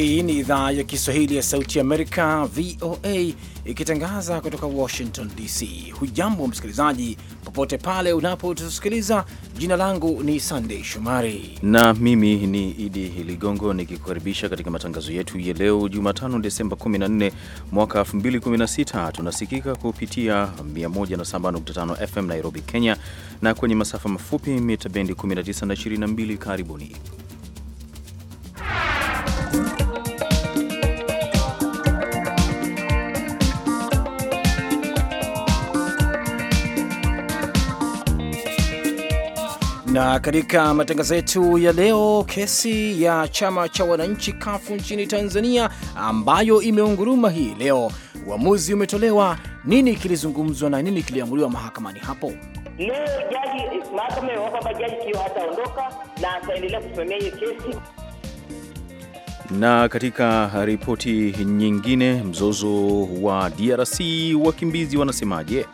Hii ni idhaa ya Kiswahili ya Sauti ya Amerika, VOA, ikitangaza kutoka Washington DC. Hujambo msikilizaji, popote pale unapotusikiliza. Jina langu ni Sandei Shomari na mimi ni Idi Ligongo nikikukaribisha katika matangazo yetu ya leo Jumatano, Desemba 14 mwaka 2016. Tunasikika kupitia 107.5 FM Nairobi, Kenya, na kwenye masafa mafupi mita bendi 19 na 22. Karibuni Na katika matangazo yetu ya leo, kesi ya chama cha wananchi kafu nchini Tanzania ambayo imeunguruma hii leo, uamuzi umetolewa. Nini kilizungumzwa na nini kiliamuliwa mahakamani hapo? Leo jaji mahakama kwamba jaji hiyo hataondoka na ataendelea kusimamia hiyo kesi. Na katika ripoti nyingine, mzozo wa DRC wakimbizi wanasemaje?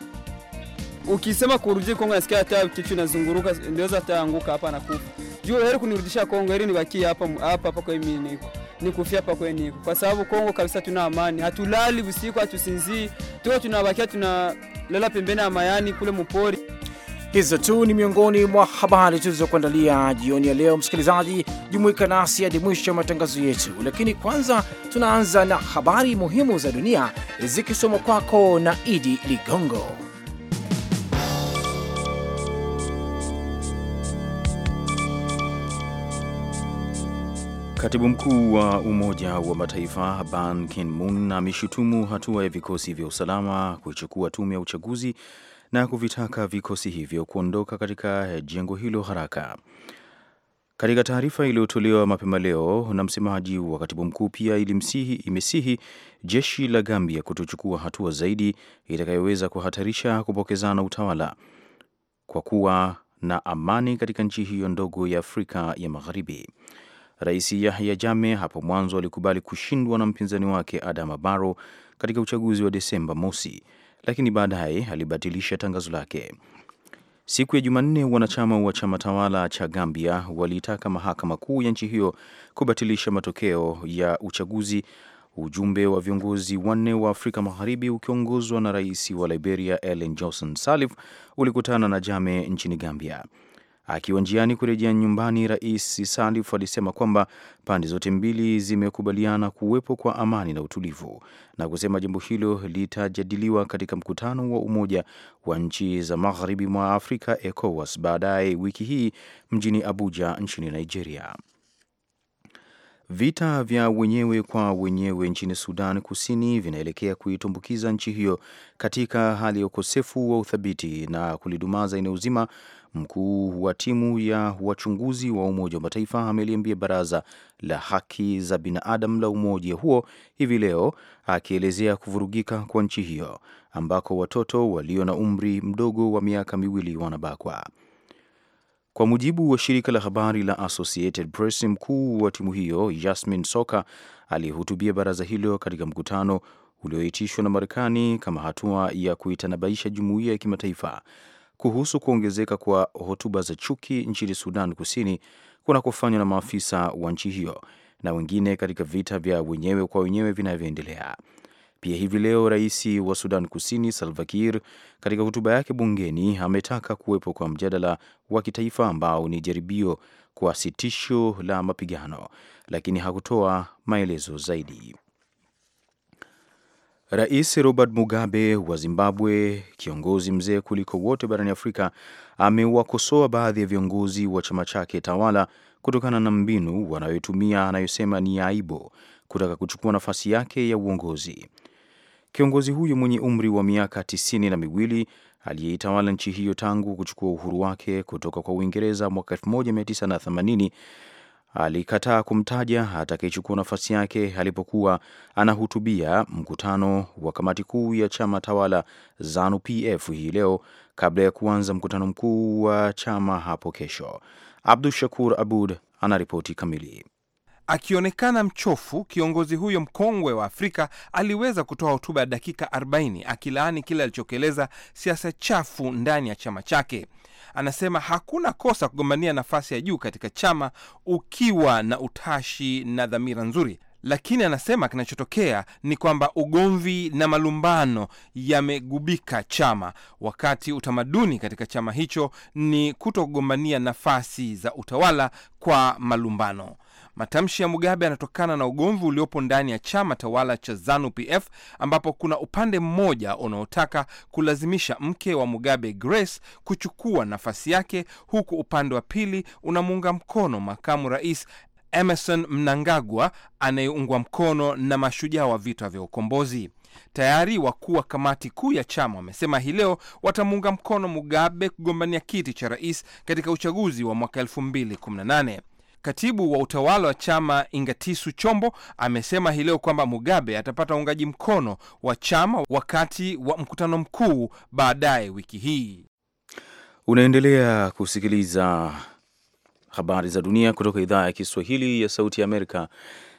ukisema kurudi Kongo nasikia hata kitu inazunguruka, ndio ataanguka hapa na kufa. Juu heri kunirudisha Kongo, heri nibaki hapa hapa hapa kwa mimi niko nikufia hapa kwa niko, kwa sababu Kongo kabisa tuna amani, hatulali usiku, hatusinzii, tuko tunabakia tunalala pembeni ya mayani kule mpori. Hizo tu ni miongoni mwa habari tulizokuandalia jioni ya leo. Msikilizaji, jumuika nasi hadi mwisho wa matangazo yetu, lakini kwanza tunaanza na habari muhimu za dunia zikisomwa kwako na Idi Ligongo. Katibu mkuu wa Umoja wa Mataifa Ban Ki-moon ameshutumu hatua ya vikosi vya usalama kuichukua tume ya uchaguzi na kuvitaka vikosi hivyo kuondoka katika jengo hilo haraka. Katika taarifa iliyotolewa mapema leo na msemaji wa katibu mkuu, pia ilimsihi, imesihi jeshi la Gambia kutochukua hatua zaidi itakayoweza kuhatarisha kupokezana utawala kwa kuwa na amani katika nchi hiyo ndogo ya Afrika ya Magharibi. Rais Yahya jame hapo mwanzo alikubali kushindwa na mpinzani wake Adama Barrow katika uchaguzi wa Desemba mosi, lakini baadaye alibatilisha tangazo lake. Siku ya Jumanne, wanachama wa chama tawala cha Gambia waliitaka mahakama kuu ya nchi hiyo kubatilisha matokeo ya uchaguzi. Ujumbe wa viongozi wanne wa Afrika Magharibi ukiongozwa na rais wa Liberia Ellen Johnson Sirleaf ulikutana na Jame nchini Gambia. Akiwa njiani kurejea nyumbani, Rais Salif alisema kwamba pande zote mbili zimekubaliana kuwepo kwa amani na utulivu na kusema jambo hilo litajadiliwa katika mkutano wa Umoja wa Nchi za Magharibi mwa Afrika ECOWAS baadaye wiki hii mjini Abuja nchini Nigeria. Vita vya wenyewe kwa wenyewe nchini Sudan Kusini vinaelekea kuitumbukiza nchi hiyo katika hali ya ukosefu wa uthabiti na kulidumaza eneo zima Mkuu wa timu ya wachunguzi wa Umoja wa Mataifa ameliambia Baraza la Haki za Binadamu la umoja huo hivi leo, akielezea kuvurugika kwa nchi hiyo ambako watoto walio na umri mdogo wa miaka miwili wanabakwa. Kwa mujibu wa shirika la habari la Associated Press, mkuu wa timu hiyo Yasmin Soka aliyehutubia baraza hilo katika mkutano ulioitishwa na Marekani kama hatua ya kuitanabaisha jumuiya ya kimataifa kuhusu kuongezeka kwa hotuba za chuki nchini Sudan Kusini kunakofanywa na maafisa wa nchi hiyo na wengine katika vita vya wenyewe kwa wenyewe vinavyoendelea. Pia hivi leo rais wa Sudan Kusini Salva Kiir katika hotuba yake bungeni ametaka kuwepo kwa mjadala wa kitaifa ambao ni jaribio kwa sitisho la mapigano, lakini hakutoa maelezo zaidi. Rais Robert Mugabe wa Zimbabwe, kiongozi mzee kuliko wote barani Afrika, amewakosoa baadhi ya viongozi wa chama chake tawala kutokana na mbinu wanayotumia anayosema ni aibo aibu kutaka kuchukua nafasi yake ya uongozi. Kiongozi huyo mwenye umri wa miaka tisini na miwili aliyeitawala nchi hiyo tangu kuchukua uhuru wake kutoka kwa Uingereza mwaka 1980 alikataa kumtaja atakayechukua nafasi yake alipokuwa anahutubia mkutano wa kamati kuu ya chama tawala ZANU PF hii leo kabla ya kuanza mkutano mkuu wa chama hapo kesho. Abdu Shakur Abud anaripoti kamili. Akionekana mchofu, kiongozi huyo mkongwe wa Afrika aliweza kutoa hotuba ya dakika 40 akilaani kile alichokieleza siasa chafu ndani ya chama chake anasema hakuna kosa kugombania nafasi ya juu katika chama ukiwa na utashi na dhamira nzuri, lakini anasema kinachotokea ni kwamba ugomvi na malumbano yamegubika chama, wakati utamaduni katika chama hicho ni kugombania nafasi za utawala kwa malumbano. Matamshi ya Mugabe yanatokana na ugomvi uliopo ndani ya chama tawala cha ZANU-PF ambapo kuna upande mmoja unaotaka kulazimisha mke wa Mugabe Grace kuchukua nafasi yake, huku upande wa pili unamuunga mkono makamu rais Emerson Mnangagwa anayeungwa mkono na mashujaa wa vita vya ukombozi. Tayari wakuu wa kamati kuu ya chama wamesema hii leo watamuunga mkono Mugabe kugombania kiti cha rais katika uchaguzi wa mwaka 218 Katibu wa utawala wa chama Ingatisu Chombo amesema hii leo kwamba Mugabe atapata uungaji mkono wa chama wakati wa mkutano mkuu baadaye wiki hii. Unaendelea kusikiliza habari za dunia kutoka idhaa ya Kiswahili ya Sauti ya Amerika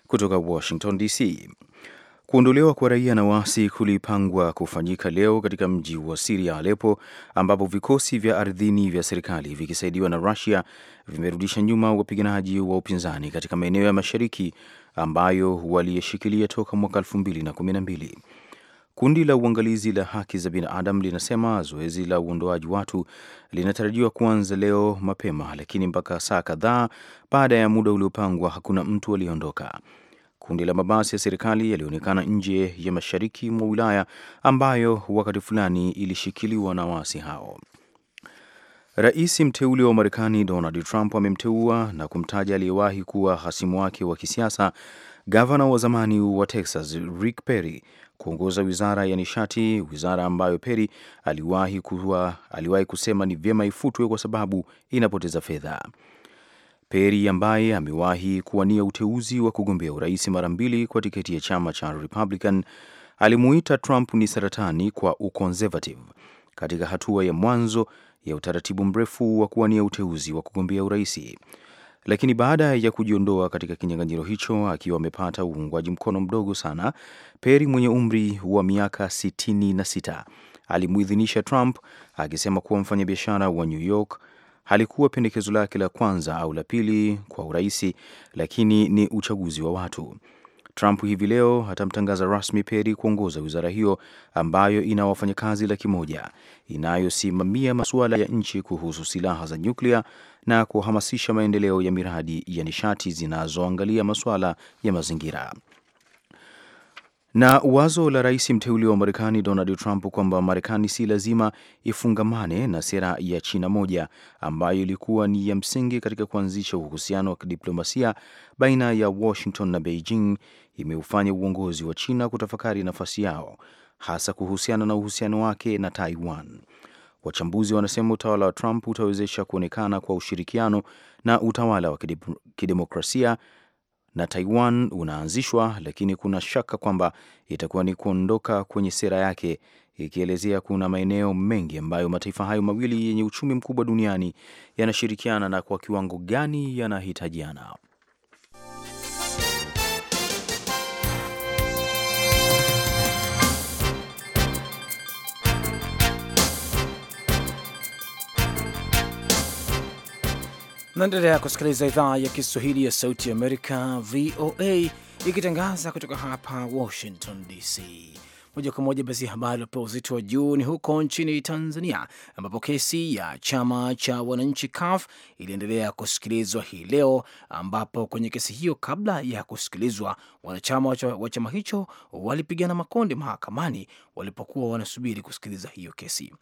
kutoka Washington DC. Kuondolewa kwa raia na waasi kulipangwa kufanyika leo katika mji wa Siria Alepo, ambapo vikosi vya ardhini vya serikali vikisaidiwa na Rusia vimerudisha nyuma wapiganaji wa upinzani katika maeneo ya mashariki ambayo waliyeshikilia toka mwaka mbili. Kundi la uangalizi la haki za binadamu linasema zoezi la uondoaji watu linatarajiwa kuanza leo mapema, lakini mpaka saa kadhaa baada ya muda uliopangwa hakuna mtu aliyeondoka. Kundi la mabasi ya serikali yalionekana nje ya mashariki mwa wilaya ambayo wakati fulani ilishikiliwa na waasi hao. Rais mteule wa Marekani Donald Trump amemteua na kumtaja aliyewahi kuwa hasimu wake wa kisiasa gavana wa zamani wa Texas Rick Perry kuongoza wizara ya nishati, wizara ambayo Perry aliwahi, kuwa, aliwahi kusema ni vyema ifutwe kwa sababu inapoteza fedha. Peri ambaye amewahi kuwania uteuzi wa kugombea urais mara mbili kwa tiketi ya chama cha Republican alimuita Trump ni saratani kwa uconservative katika hatua ya mwanzo ya utaratibu mrefu wa kuwania uteuzi wa kugombea urais, lakini baada ya kujiondoa katika kinyang'anyiro hicho akiwa amepata uungwaji mkono mdogo sana, Peri mwenye umri wa miaka 66 alimuidhinisha Trump akisema kuwa mfanyabiashara wa New York Halikuwa pendekezo lake la kwanza au la pili kwa uraisi, lakini ni uchaguzi wa watu. Trump hivi leo atamtangaza rasmi Peri kuongoza wizara hiyo ambayo ina wafanyakazi laki moja inayosimamia masuala ya nchi kuhusu silaha za nyuklia na kuhamasisha maendeleo ya miradi ya nishati zinazoangalia masuala ya mazingira. Na wazo la rais mteuli wa Marekani Donald Trump kwamba Marekani si lazima ifungamane na sera ya China moja ambayo ilikuwa ni ya msingi katika kuanzisha uhusiano wa kidiplomasia baina ya Washington na Beijing imeufanya uongozi wa China kutafakari nafasi yao hasa kuhusiana na uhusiano wake na Taiwan. Wachambuzi wanasema utawala wa Trump utawezesha kuonekana kwa ushirikiano na utawala wa kidemokrasia na Taiwan unaanzishwa, lakini kuna shaka kwamba itakuwa ni kuondoka kwenye sera yake, ikielezea kuna maeneo mengi ambayo mataifa hayo mawili yenye uchumi mkubwa duniani yanashirikiana na kwa kiwango gani yanahitajiana. naendelea kusikiliza idhaa ya Kiswahili ya Sauti ya Amerika, VOA, ikitangaza kutoka hapa Washington DC moja kwa moja. Basi habari iliyopewa uzito wa juu ni huko nchini Tanzania, ambapo kesi ya chama cha wananchi CUF iliendelea kusikilizwa hii leo, ambapo kwenye kesi hiyo, kabla ya kusikilizwa, wanachama wa chama hicho walipigana makonde mahakamani walipokuwa wanasubiri kusikiliza hiyo kesi.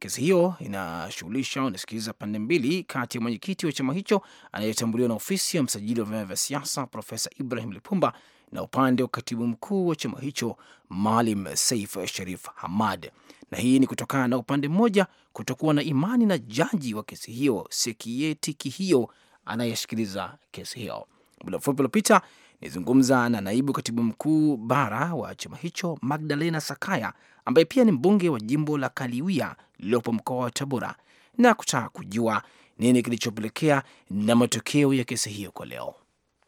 Kesi hiyo inashughulisha unasikiliza pande mbili kati ya mwenyekiti wa chama hicho anayetambuliwa na ofisi ya msajili wa vyama vya siasa Profesa Ibrahim Lipumba na upande wa katibu mkuu wa chama hicho Maalim saif Sharif Hamad, na hii ni kutokana na upande mmoja kutokuwa na imani na jaji wa kesi hiyo Sekieti Kihio anayesikiliza kesi hiyo. Muda mfupi uliopita nizungumza na naibu katibu mkuu bara wa chama hicho Magdalena Sakaya ambaye pia ni mbunge wa jimbo la Kaliwia lililopo mkoa wa Tabora na kutaka kujua nini kilichopelekea na matokeo ya kesi hiyo kwa leo.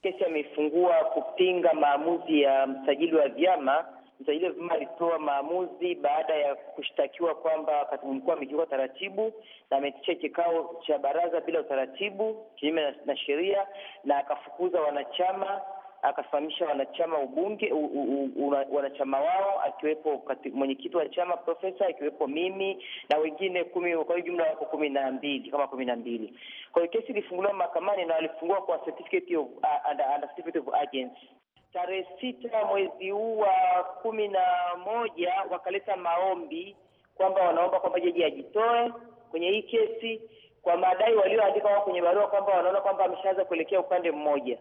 Kesi amefungua kupinga maamuzi ya msajili wa vyama. Msajili wa vyama alitoa maamuzi baada ya kushtakiwa kwamba katibu mkuu amekiuka taratibu na ameitisha kikao cha baraza bila utaratibu, kinyume na sheria, na akafukuza wanachama akasimamisha wanachama ubunge wanachama wao akiwepo mwenyekiti wa chama profesa, akiwepo mimi na wengine kumi. Kwa hiyo jumla wako kumi na mbili kama kumi na mbili. Kwa hiyo kesi ilifunguliwa mahakamani na walifungua kwa certificate of uh, under, under certificate of agency tarehe sita mwezi huu wa kumi na moja wakaleta maombi kwamba wanaomba kwamba jaji ajitoe kwenye hii kesi kwa madai walioandika wao kwenye barua kwamba wanaona kwamba ameshaanza kuelekea upande mmoja.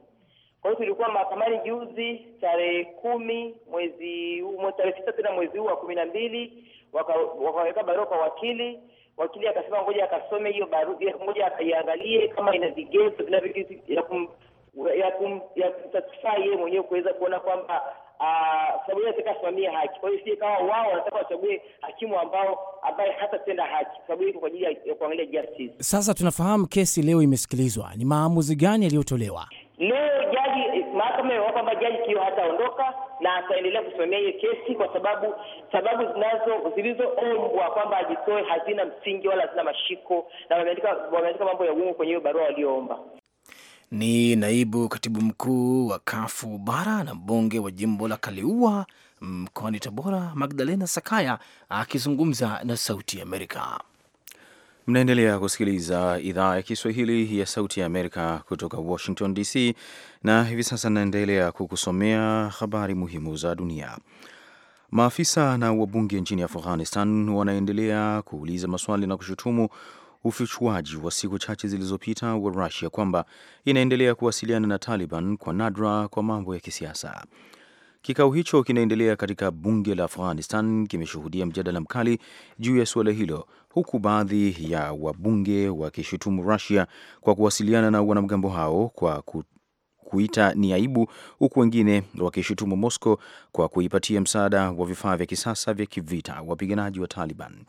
Kwa hiyo tulikuwa mahakamani juzi tarehe kumi mwezi huu tarehe tisa tena mwezi huu wa kumi na mbili wakaweka barua kwa wakili. Wakili akasema ngoja akasome hiyo barua, ngoja akaiangalie kama ina vigezo vinavyoya kumsatisfy yeye mwenyewe kuweza kuona kwamba ah, sababu hiyo ataka asimamie haki. Kwa hiyo si kama wao wanataka wachague hakimu ambao ambaye hata tenda haki, sababu iko kwa ajili ya kuangalia justice. Sasa tunafahamu kesi leo imesikilizwa, ni maamuzi gani yaliyotolewa? Leo jaji mahakama imesema kwamba jaji Kioo hataondoka na ataendelea kusimamia hiyo kesi kwa sababu sababu zinazo zilizoombwa kwamba ajitoe hazina msingi wala hazina mashiko, na wameandika mambo ya uongo kwenye hiyo barua walioomba. Ni naibu katibu mkuu wa Kafu Bara na mbunge wa jimbo la Kaliua mkoani Tabora, Magdalena Sakaya akizungumza na Sauti ya Amerika. Mnaendelea kusikiliza idhaa ya Kiswahili ya Sauti ya Amerika kutoka Washington DC, na hivi sasa naendelea kukusomea habari muhimu za dunia. Maafisa na wabunge nchini Afghanistan wanaendelea kuuliza maswali na kushutumu ufichuaji wa siku chache zilizopita wa Rusia kwamba inaendelea kuwasiliana na Taliban kwa nadra kwa mambo ya kisiasa. Kikao hicho kinaendelea katika bunge la Afghanistan kimeshuhudia mjadala mkali juu ya suala hilo huku baadhi ya wabunge wakishutumu Rusia kwa kuwasiliana na wanamgambo hao kwa ku, kuita ni aibu, huku wengine wakishutumu Moscow kwa kuipatia msaada wa vifaa vya kisasa vya kivita wapiganaji wa Taliban.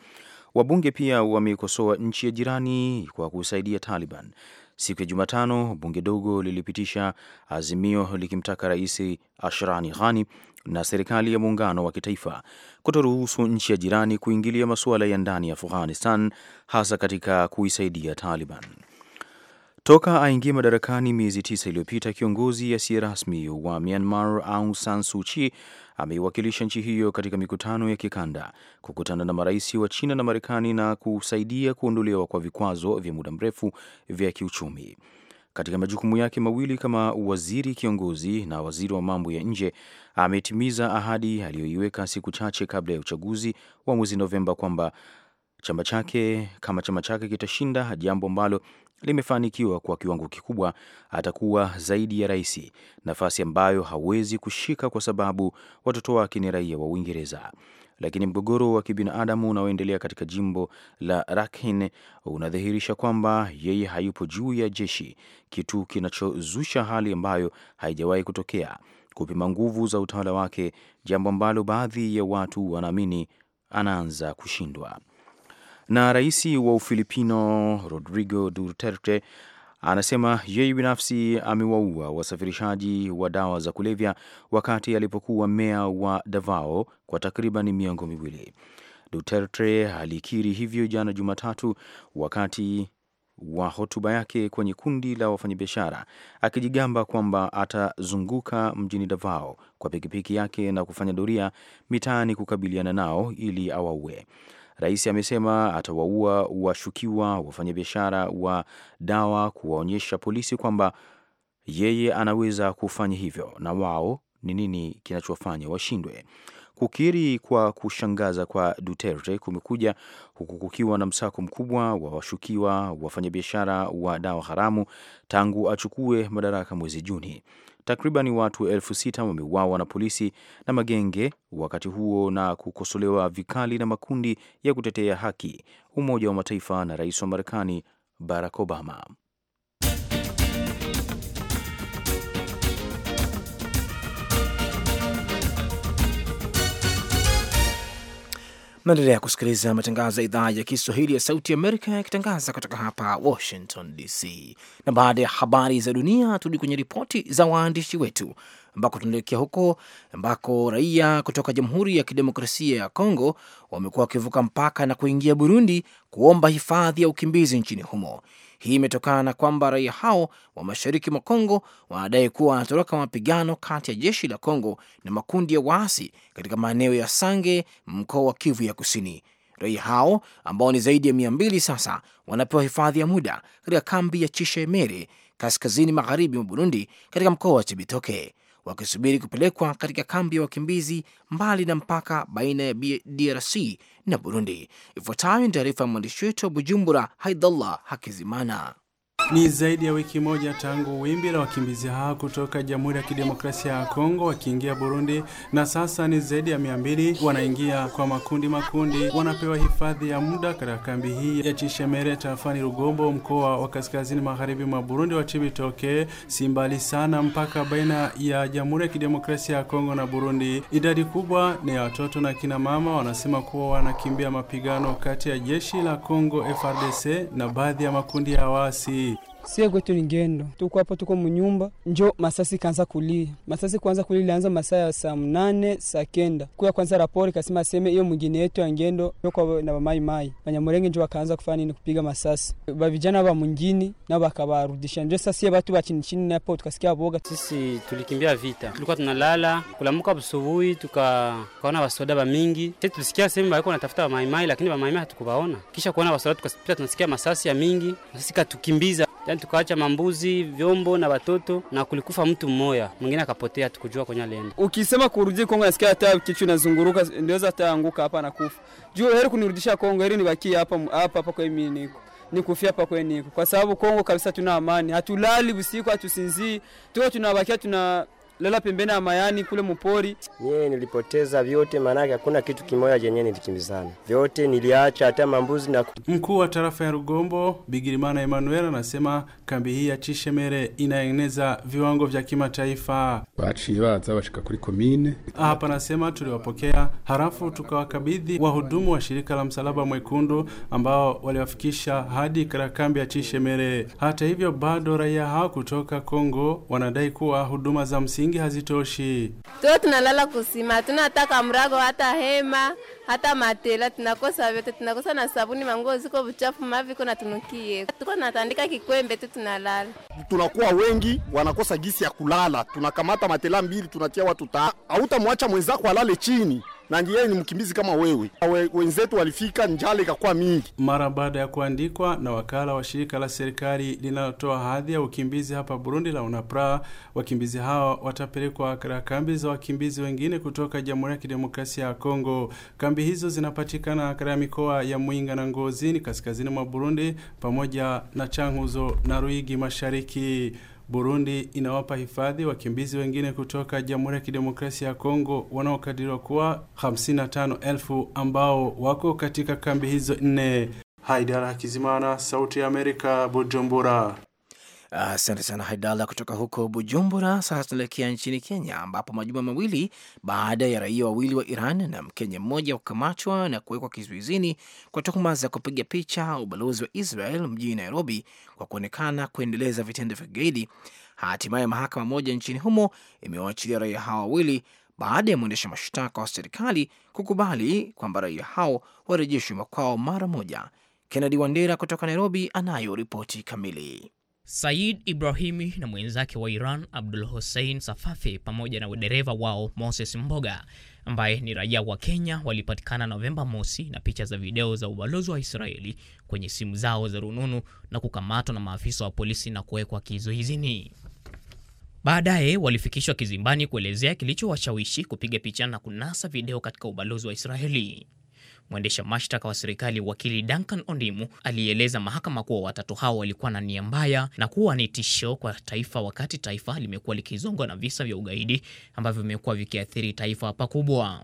Wabunge pia wamekosoa nchi ya jirani kwa kusaidia Taliban. Siku ya Jumatano, bunge dogo lilipitisha azimio likimtaka Rais Ashrani Ghani na serikali ya muungano wa kitaifa kutoruhusu nchi ya jirani kuingilia masuala ya ndani ya Afghanistan, hasa katika kuisaidia Taliban. Toka aingie madarakani miezi tisa iliyopita, kiongozi asiye rasmi wa Myanmar Aung San Suu Kyi ameiwakilisha nchi hiyo katika mikutano ya kikanda, kukutana na marais wa China na Marekani na kusaidia kuondolewa kwa vikwazo vya muda mrefu vya kiuchumi katika majukumu yake mawili kama waziri kiongozi na waziri wa mambo ya nje, ametimiza ahadi aliyoiweka siku chache kabla ya uchaguzi wa mwezi Novemba kwamba chama chake kama chama chake kitashinda, jambo ambalo limefanikiwa kwa kiwango kikubwa, atakuwa zaidi ya rais, nafasi ambayo hawezi kushika kwa sababu watoto wake ni raia wa Uingereza lakini mgogoro wa kibinadamu unaoendelea katika jimbo la Rakhine unadhihirisha kwamba yeye hayupo juu ya jeshi, kitu kinachozusha hali ambayo haijawahi kutokea, kupima nguvu za utawala wake, jambo ambalo baadhi ya watu wanaamini anaanza kushindwa na rais wa Ufilipino Rodrigo Duterte Anasema yeye binafsi amewaua wasafirishaji wa dawa za kulevya wakati alipokuwa meya wa Davao kwa takriban miongo miwili. Duterte alikiri hivyo jana Jumatatu wakati wa hotuba yake kwenye kundi la wafanyabiashara akijigamba kwamba atazunguka mjini Davao kwa pikipiki yake na kufanya doria mitaani kukabiliana nao ili awaue. Rais amesema atawaua washukiwa wafanyabiashara wa dawa, kuwaonyesha polisi kwamba yeye anaweza kufanya hivyo na wao ni nini kinachofanya washindwe. Kukiri kwa kushangaza kwa Duterte kumekuja huku kukiwa na msako mkubwa wa washukiwa wafanyabiashara wa dawa haramu tangu achukue madaraka mwezi Juni. Takriban watu elfu sita wameuawa na polisi na magenge wakati huo na kukosolewa vikali na makundi ya kutetea haki, Umoja wa Mataifa na rais wa Marekani Barack Obama. Naendelea kusikiliza matangazo ya idhaa ya Kiswahili ya Sauti Amerika yakitangaza kutoka hapa Washington DC. Na baada ya habari za dunia, turudi kwenye ripoti za waandishi wetu, ambako tunaelekea huko ambako raia kutoka Jamhuri ya Kidemokrasia ya Kongo wamekuwa wakivuka mpaka na kuingia Burundi kuomba hifadhi ya ukimbizi nchini humo. Hii imetokana na kwamba raia hao wa mashariki mwa Kongo wanadai kuwa wanatoroka mapigano kati ya jeshi la Kongo na makundi ya waasi katika maeneo ya Sange, mkoa wa Kivu ya Kusini. Raia hao ambao ni zaidi ya mia mbili sasa wanapewa hifadhi ya muda katika kambi ya Chishemere kaskazini magharibi mwa Burundi katika mkoa wa Chibitoke wakisubiri kupelekwa katika kambi ya wakimbizi mbali na mpaka baina ya DRC na Burundi. Ifuatayo ni taarifa ya mwandishi wetu wa Bujumbura, Haidallah Hakizimana. Ni zaidi ya wiki moja tangu wimbi la wakimbizi hawa kutoka Jamhuri ya Kidemokrasia ya Kongo wakiingia Burundi, na sasa ni zaidi ya mia mbili wanaingia kwa makundi makundi, wanapewa hifadhi ya muda katika kambi hii ya Chishemere tarafani Rugombo, mkoa wa kaskazini magharibi mwa Burundi wa si mbali sana mpaka baina ya Jamhuri ya Kidemokrasia ya Kongo na Burundi. Idadi kubwa ni ya watoto na kina mama, wanasema kuwa wanakimbia mapigano kati ya jeshi la Kongo frdc na baadhi ya makundi ya waasi sie kwetu ni ngendo, tuko hapo, tuko mnyumba, njo masasi kaanza kulia. Masasi kwanza kulia ilianza masaa ya saa mnane saa kenda kuya kwanza rapori kasema aseme hiyo mwingine yetu ya ngendo yoko na bamaimai banyamurenge njo bakaanza kufanya nini kupiga masasi bavijana ba mungini nabo bakabarudisha. Njo sasa sie batu bachini chini hapo tukasikia boga. Sisi tulikimbia vita, tulikuwa tunalala kulamuka busubuhi, tukaona basoda ba mingi. Sisi tulisikia sehemu baliko natafuta mai, lakini mai hatukubaona. Kisha kuona basoda tukapita, tunasikia masasi ya mingi, sisi katukimbiza yani tukaacha mambuzi, vyombo na watoto, na kulikufa mtu mmoja, mwingine akapotea, tukujua kwenye alienda. Ukisema kurudi Kongo, nasikia hata kichwa inazunguruka, ndio hataanguka hapa na kufa juu. Heri kunirudisha Kongo, heri nibakie hapa hapa hapa kwa mimi ni kufia hapa kwenye niko, kwa sababu Kongo kabisa tuna amani, hatulali usiku, hatusinzii, tuko tunabakia tuna lala pembeni ya mayani kule mupori. Nyie nilipoteza vyote, maanake hakuna kitu kimoja chenye nilikimbizana, vyote niliacha, hata mambuzi na. Mkuu wa tarafa ya Rugombo Bigirimana Emmanuel anasema kambi hii ya Chishemere inaeneza viwango vya kimataifa. Baciye baza bashika kuri komine hapa, anasema tuliwapokea, halafu tukawakabidhi wahudumu wa shirika la Msalaba Mwekundu ambao waliwafikisha hadi kambi ya Chishemere. Hata hivyo, bado raia hao kutoka Kongo wanadai kuwa huduma za msingi nyingi hazitoshi. Tuo tunalala kusima, hatuna hata kamrago, hata hema, hata matela, tunakosa vyote, tunakosa na sabuni, manguo ziko vuchafu, maviko na tunukie, tuko natandika kikwembe tu, tunalala. Tunakuwa wengi wanakosa gisi ya kulala, tunakamata matela mbili, tunatia watu ta, hautamwacha mwenzako alale chini na ndiye ni mkimbizi kama wewe. Wenzetu walifika, njala ikakuwa mingi. Mara baada ya kuandikwa na wakala wa shirika la serikali linalotoa hadhi ya ukimbizi hapa Burundi la UNAPRA, wakimbizi hawa watapelekwa katika kambi za wakimbizi wengine kutoka Jamhuri ya Kidemokrasia ya Kongo. Kambi hizo zinapatikana katika mikoa ya Mwinga na Ngozi ni kaskazini mwa Burundi pamoja na Changuzo na Ruigi mashariki. Burundi inawapa hifadhi wakimbizi wengine kutoka Jamhuri ya Kidemokrasia ya Kongo wanaokadiriwa kuwa 55,000 ambao wako katika kambi hizo nne. Haidara Kizimana, Sauti ya Amerika, Bujumbura. Ah, asante uh, sana Haidala kutoka huko Bujumbura. Sasa tunaelekea nchini Kenya, ambapo majuma mawili baada ya raia wawili wa Iran na Mkenya mmoja kukamatwa na kuwekwa kizuizini kwa tuhuma za kupiga picha ubalozi wa Israel mjini Nairobi kwa kuonekana kuendeleza vitendo vya kigaidi, hatimaye mahakama moja nchini humo imewaachilia raia hao wawili baada ya mwendesha mashtaka wa serikali kukubali kwamba raia hao warejeshwe makwao mara moja. Kennedy Wandera kutoka Nairobi anayo ripoti kamili. Said Ibrahimi na mwenzake wa Iran Abdul Hussein Safafi pamoja na dereva wao Moses Mboga ambaye ni raia wa Kenya walipatikana Novemba mosi na picha za video za ubalozi wa Israeli kwenye simu zao za rununu na kukamatwa na maafisa wa polisi na kuwekwa kizuizini. Baadaye walifikishwa kizimbani kuelezea kilichowashawishi kupiga picha na kunasa video katika ubalozi wa Israeli. Mwendesha mashtaka wa serikali wakili Duncan Ondimu alieleza mahakama kuwa watatu hao walikuwa na nia mbaya na kuwa ni tisho kwa taifa, wakati taifa limekuwa likizongwa na visa vya ugaidi ambavyo vimekuwa vikiathiri taifa pakubwa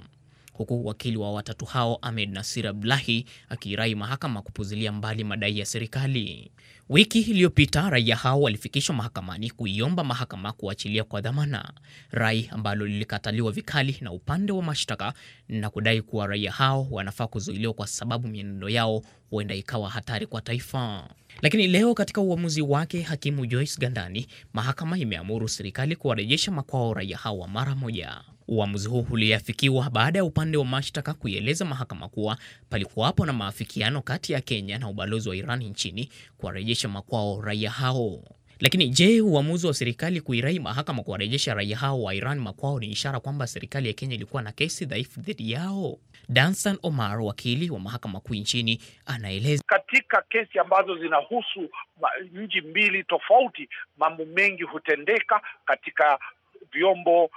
huku wakili wa watatu hao Ahmed Nasir Abdullahi akirai mahakama kupuzilia mbali madai ya serikali. Wiki iliyopita raia hao walifikishwa mahakamani kuiomba mahakama kuachilia kwa dhamana, rai ambalo lilikataliwa vikali na upande wa mashtaka na kudai kuwa raia hao wanafaa kuzuiliwa kwa sababu mienendo yao huenda ikawa hatari kwa taifa. Lakini leo katika uamuzi wake, hakimu Joyce Gandani, mahakama imeamuru serikali kuwarejesha makwao raia hao mara moja. Uamuzi huu uliafikiwa baada ya upande wa mashtaka kuieleza mahakama kuwa palikuwapo na maafikiano kati ya Kenya na ubalozi wa Iran nchini kuwarejesha makwao raia hao. Lakini je, uamuzi wa serikali kuirai mahakama kuwarejesha raia hao wa Iran makwao ni ishara kwamba serikali ya Kenya ilikuwa na kesi dhaifu dhidi yao? Dansan Omar, wakili wa mahakama kuu nchini, anaeleza. Katika kesi ambazo zinahusu nchi mbili tofauti, mambo mengi hutendeka katika vyombo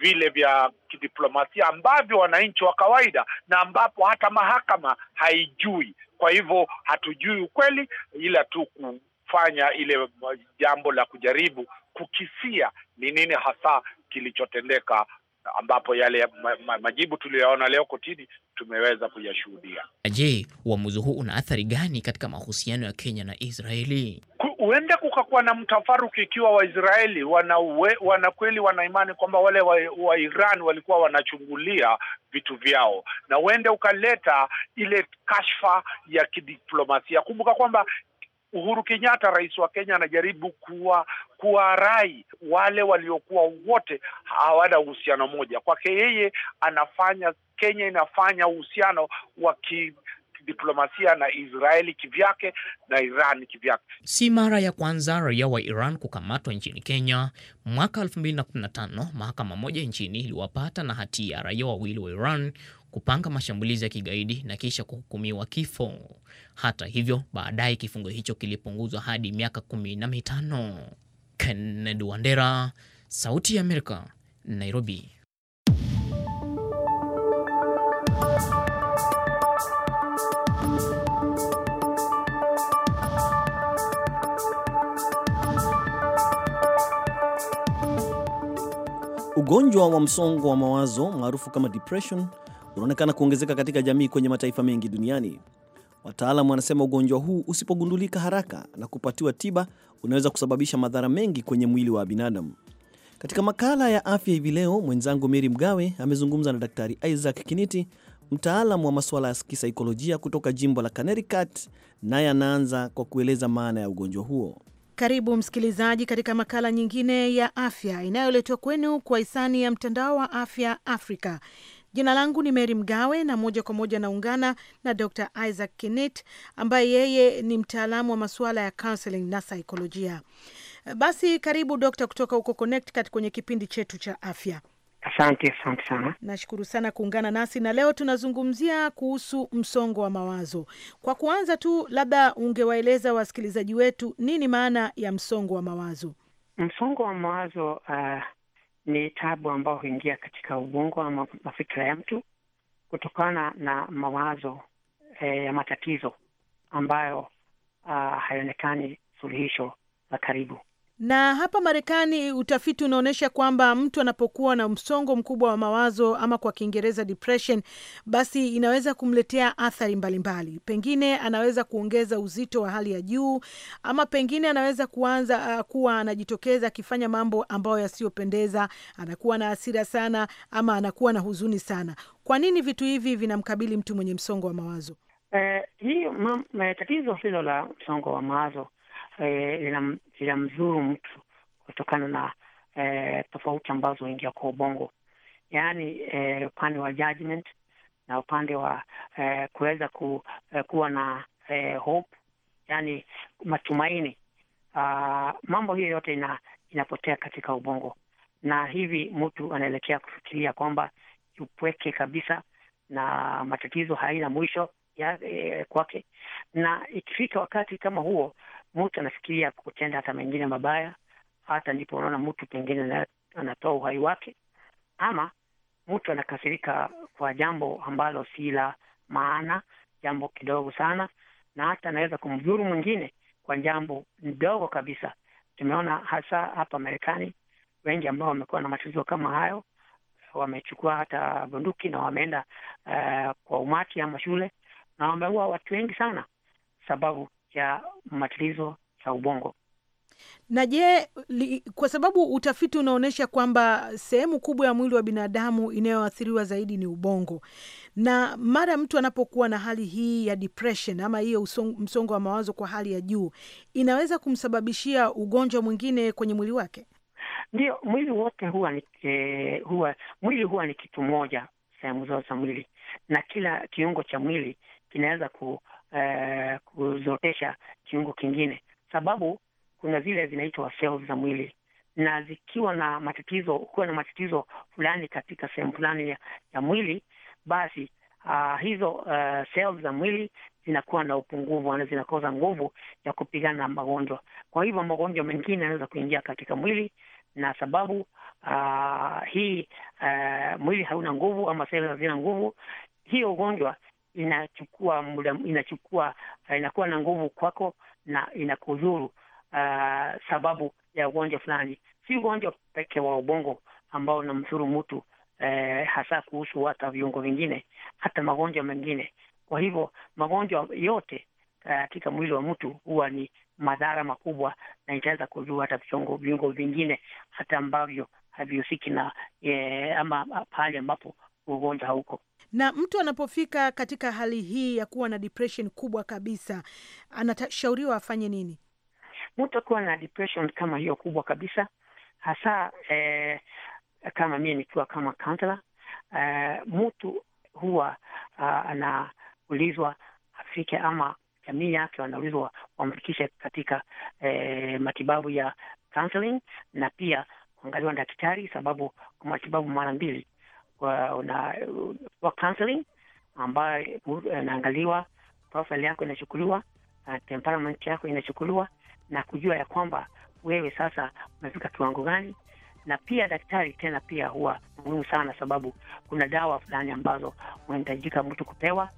vile vya kidiplomasia ambavyo wananchi wa kawaida na ambapo hata mahakama haijui. Kwa hivyo hatujui ukweli, ila tu kufanya ile jambo la kujaribu kukisia ni nini hasa kilichotendeka ambapo yale majibu tuliyoyaona leo kotini tumeweza kuyashuhudia. Je, uamuzi huu una athari gani katika mahusiano ya Kenya na Israeli? huenda kukakuwa na mtafaruki ikiwa Waisraeli wana, wana kweli wana imani kwamba wale wa, wa Iran walikuwa wanachungulia vitu vyao, na huenda ukaleta ile kashfa ya kidiplomasia. Kumbuka kwamba Uhuru Kenyatta, rais wa Kenya, anajaribu kuwa kuwarai wale waliokuwa wote hawana uhusiano moja. Kwake yeye anafanya Kenya inafanya uhusiano wa diplomasia na Israeli kivyake na Iran kivyake. Si mara ya kwanza raia wa Iran kukamatwa nchini Kenya. Mwaka 2015 mahakama moja nchini iliwapata na hatia raia wawili wa Iran kupanga mashambulizi ya kigaidi na kisha kuhukumiwa kifo. Hata hivyo, baadaye kifungo hicho kilipunguzwa hadi miaka kumi na mitano. Kennedy Wandera, Sauti ya Amerika, Nairobi. Ugonjwa wa msongo wa mawazo maarufu kama depression unaonekana kuongezeka katika jamii kwenye mataifa mengi duniani. Wataalamu wanasema ugonjwa huu usipogundulika haraka na kupatiwa tiba unaweza kusababisha madhara mengi kwenye mwili wa binadamu. Katika makala ya afya hivi leo, mwenzangu Meri Mgawe amezungumza na Daktari Isaac Kiniti, mtaalamu wa masuala ya kisaikolojia kutoka jimbo la Connecticut, naye anaanza kwa kueleza maana ya ugonjwa huo. Karibu msikilizaji katika makala nyingine ya afya inayoletwa kwenu kwa hisani ya mtandao wa afya Afrika. Jina langu ni Mary Mgawe na moja kwa moja naungana na Dr Isaac Kinit ambaye yeye ni mtaalamu wa masuala ya counseling na saikolojia. Basi karibu Dokta kutoka huko Connecticut kwenye kipindi chetu cha afya. Asante, asante sana, nashukuru sana kuungana nasi na leo. Tunazungumzia kuhusu msongo wa mawazo. Kwa kuanza tu, labda ungewaeleza wasikilizaji wetu nini maana ya msongo wa mawazo? Msongo wa mawazo uh, ni tabu ambao huingia katika ubongo ama mafikira ya mtu kutokana na mawazo eh, ya matatizo ambayo uh, hayaonekani suluhisho la karibu. Na hapa Marekani utafiti unaonyesha kwamba mtu anapokuwa na msongo mkubwa wa mawazo ama kwa Kiingereza depression, basi inaweza kumletea athari mbalimbali mbali. Pengine anaweza kuongeza uzito wa hali ya juu, ama pengine anaweza kuanza kuwa anajitokeza akifanya mambo ambayo yasiyopendeza, anakuwa na hasira sana, ama anakuwa na huzuni sana. Kwa nini vitu hivi vinamkabili mtu mwenye msongo wa mawazo? Eh, hii mm, eh, tatizo hilo la msongo wa mawazo eh, inamdhuru ina mtu kutokana na eh, tofauti ambazo huingia kwa ubongo, yaani eh, upande wa judgment na upande wa eh, kuweza ku, eh, kuwa na eh, hope, yaani matumaini. Uh, mambo hiyo yote ina, inapotea katika ubongo, na hivi mtu anaelekea kufikiria kwamba upweke kabisa na matatizo haina mwisho ya, eh, kwake. Na ikifika wakati kama huo mtu anafikiria kutenda hata mengine mabaya, hata ndipo unaona mtu pengine anatoa uhai wake, ama mtu anakasirika kwa jambo ambalo si la maana, jambo kidogo sana, na hata anaweza kumdhuru mwingine kwa jambo ndogo kabisa. Tumeona hasa hapa Marekani wengi ambao wamekuwa na matatizo kama hayo wamechukua hata bunduki na wameenda uh, kwa umati ama shule na wameua watu wengi sana, sababu ya matatizo ya ubongo. Na je, kwa sababu utafiti unaonyesha kwamba sehemu kubwa ya mwili wa binadamu inayoathiriwa zaidi ni ubongo, na mara mtu anapokuwa na hali hii ya depression ama hiyo msongo wa mawazo kwa hali ya juu, inaweza kumsababishia ugonjwa mwingine kwenye mwili wake. Ndio, mwili wote huwa ni eh, huwa mwili huwa ni kitu moja, sehemu zote za mwili na kila kiungo cha mwili kinaweza ku Eh, kuzotesha kiungo kingine, sababu kuna zile zinaitwa cells za mwili, na zikiwa na matatizo, ukiwa na matatizo fulani katika sehemu fulani ya, ya mwili, basi uh, hizo uh, cells za mwili zinakuwa na upungufu na zinakosa nguvu ya kupigana na magonjwa. Kwa hivyo magonjwa mengine yanaweza kuingia katika mwili na sababu uh, hii uh, mwili hauna nguvu ama seli hazina nguvu, hiyo ugonjwa inachukua muda, inachukua uh, inakuwa na nguvu kwako na inakudhuru uh, sababu ya ugonjwa fulani. Si ugonjwa pekee wa ubongo ambao unamdhuru mtu uh, hasa kuhusu hata viungo vingine, hata magonjwa mengine. Kwa hivyo magonjwa yote uh, katika uh, mwili wa mtu huwa ni madhara makubwa, na itaweza kujua hata viungo viungo vingine hata ambavyo havihusiki na eh, ama pahali ambapo ugonjwa hauko. Na mtu anapofika katika hali hii ya kuwa na depression kubwa kabisa, anashauriwa afanye nini? Mtu akiwa na depression kama hiyo kubwa kabisa, hasa eh, kama mie nikiwa kama counselor eh, mtu huwa uh, anaulizwa afike ama jamii yake wanaulizwa wamfikishe katika eh, matibabu ya counseling na pia kuangaliwa na daktari, sababu matibabu mara mbili kwa una, uh, counseling ambayo inaangaliwa profile yako inachukuliwa, uh, temperament yako inachukuliwa na kujua ya kwamba wewe sasa umefika kiwango gani. Na pia daktari tena pia huwa muhimu sana, sababu kuna dawa fulani ambazo unahitajika mtu kupewa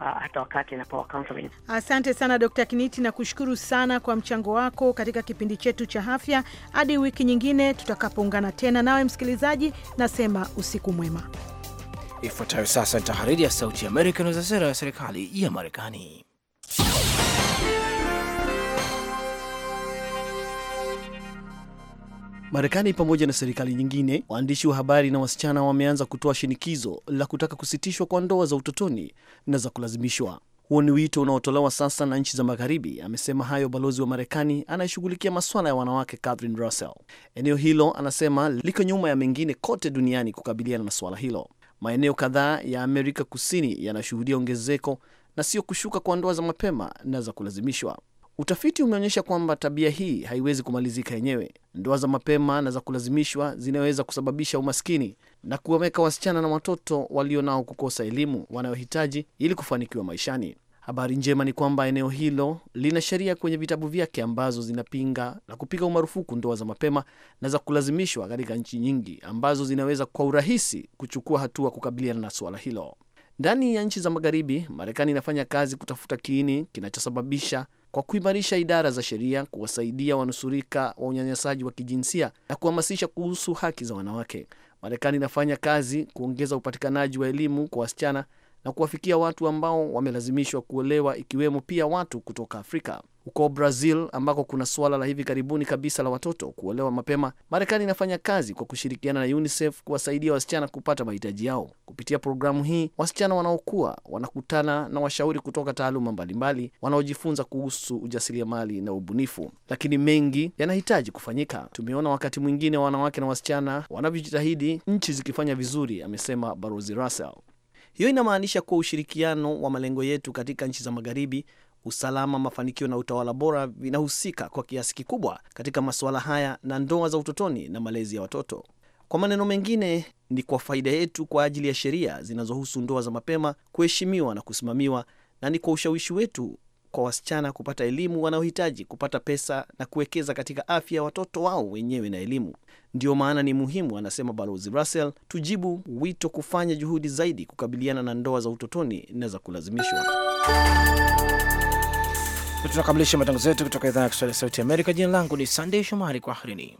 Ah, hata wakati anapewa counseling. Asante sana Dr. Kiniti, na kushukuru sana kwa mchango wako katika kipindi chetu cha afya. Hadi wiki nyingine tutakapoungana tena nawe, msikilizaji, nasema usiku mwema. Ifuatayo sasa ni tahariri ya Sauti ya Amerika, inaeleza sera ya serikali ya Marekani. Marekani pamoja na serikali nyingine, waandishi wa habari na wasichana wameanza kutoa shinikizo la kutaka kusitishwa kwa ndoa za utotoni na za kulazimishwa. Huo ni wito unaotolewa sasa na nchi za Magharibi. Amesema hayo balozi wa Marekani anayeshughulikia maswala ya wanawake Catherine Russell. Eneo hilo anasema liko nyuma ya mengine kote duniani kukabiliana na suala hilo. Maeneo kadhaa ya Amerika Kusini yanashuhudia ongezeko na sio kushuka kwa ndoa za mapema na za kulazimishwa. Utafiti umeonyesha kwamba tabia hii haiwezi kumalizika yenyewe. Ndoa za mapema na za kulazimishwa zinaweza kusababisha umaskini na kuwaweka wasichana na watoto walio nao kukosa elimu wanayohitaji ili kufanikiwa maishani. Habari njema ni kwamba eneo hilo lina sheria kwenye vitabu vyake ambazo zinapinga na kupiga umarufuku ndoa za mapema na za kulazimishwa katika nchi nyingi ambazo zinaweza kwa urahisi kuchukua hatua kukabiliana na suala hilo. Ndani ya nchi za Magharibi, Marekani inafanya kazi kutafuta kiini kinachosababisha kwa kuimarisha idara za sheria, kuwasaidia wanusurika wa unyanyasaji wa kijinsia na kuhamasisha kuhusu haki za wanawake. Marekani inafanya kazi kuongeza upatikanaji wa elimu kwa wasichana na kuwafikia watu ambao wamelazimishwa kuolewa, ikiwemo pia watu kutoka Afrika. Huko Brazil ambako kuna suala la hivi karibuni kabisa la watoto kuolewa mapema, Marekani inafanya kazi kwa kushirikiana na UNICEF kuwasaidia wasichana kupata mahitaji yao. Kupitia programu hii, wasichana wanaokuwa wanakutana na washauri kutoka taaluma mbalimbali wanaojifunza kuhusu ujasiriamali na ubunifu, lakini mengi yanahitaji kufanyika. Tumeona wakati mwingine wanawake na wasichana wanavyojitahidi, nchi zikifanya vizuri, amesema Barozi Russell. Hiyo inamaanisha kuwa ushirikiano wa malengo yetu katika nchi za magharibi usalama, mafanikio na utawala bora vinahusika kwa kiasi kikubwa katika masuala haya na ndoa za utotoni na malezi ya watoto. Kwa maneno mengine, ni kwa faida yetu kwa ajili ya sheria zinazohusu ndoa za mapema kuheshimiwa na kusimamiwa, na ni kwa ushawishi wetu kwa wasichana kupata elimu wanaohitaji, kupata pesa na kuwekeza katika afya ya watoto wao wenyewe na elimu. Ndiyo maana ni muhimu, anasema Balozi Russell, tujibu wito kufanya juhudi zaidi kukabiliana na ndoa za utotoni na za kulazimishwa tunakamilisha matangazo yetu kutoka idhaa ya Kiswahili ya Sauti Amerika. Jina langu ni Sandey Shomari, kwaherini.